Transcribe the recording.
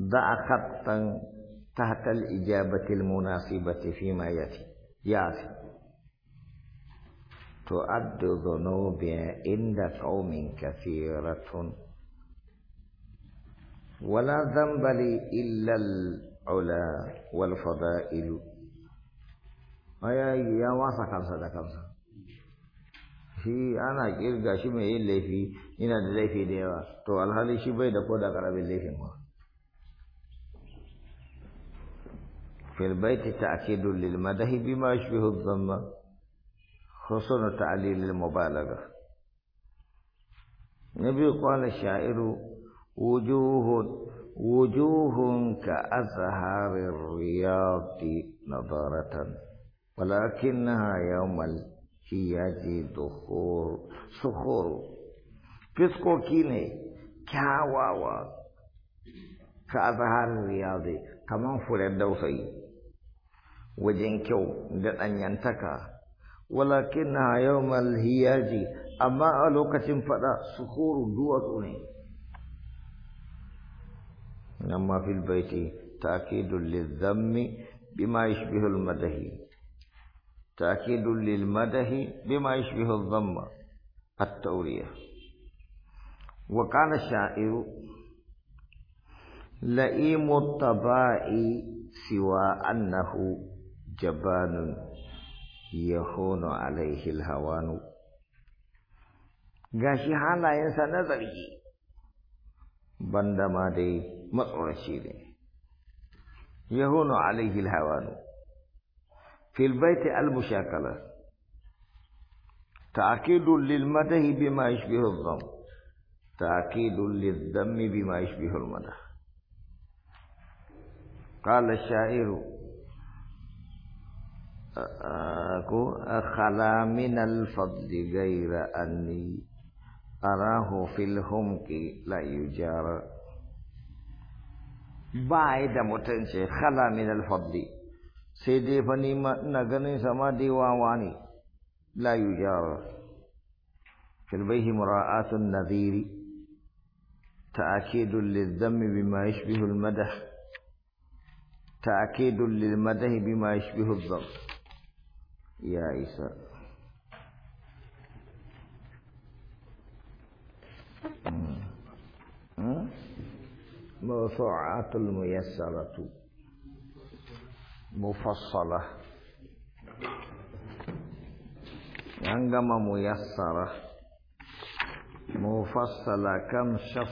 ضعقت تحت الإجابة المناسبة فيما يأتي يأتي تؤد ذنوب عند قوم كثيرة ولا ذنب لي إلا العلا والفضائل أي يا واسع كم سدى كم في أنا كير قاشم إيه اللي في إنا دلي في ديوا تو الهالي شبه دكو دكرا بالليه مواسع في البيت تأكيد للمدح بما يشبه الضمة خصوصا تعليل المبالغة نبي قال الشاعر وجوه وجوه كأزهار الرياض نظارة ولكنها يوم الحياج دخور صخور فسقوكي ne kyawawa كأزهار الرياض كمان فلان دوسي wajen kyau da danyantaka walakin na yau malhiyaji amma a lokacin fada suhuru duwatsu ne nan ma fil baiti ta'kidul lizammi bima yashbihu al-madahi ta'kidul lil madahi bima yashbihu al-dhamma at tawriya wa kana sha'iru la'im at-taba'i siwa annahu جبان يهون عليه الهوان غاشي حالا انسان نظر جي بند ما دي مطرشي دي يخون عليه الهوان في البيت المشاكلة تأكيد للمده بما يشبه الضم تأكيد للذم بما يشبه المده قال الشاعر aku akhala minal fadli gaira anni arahu fil humki la yujar bai da mutun ce khala minal fadli sai dai fa ni ina ganin sama dai wawa ne la yujar fil bayhi mura'atun nadhiri ta'kidul lidhammi bima yashbihu al madah ta'kidul lil madah bima yashbihu al dhammi يا عيسى موسوعة الميسرة مفصلة عندما ميسرة مفصلة كم شخص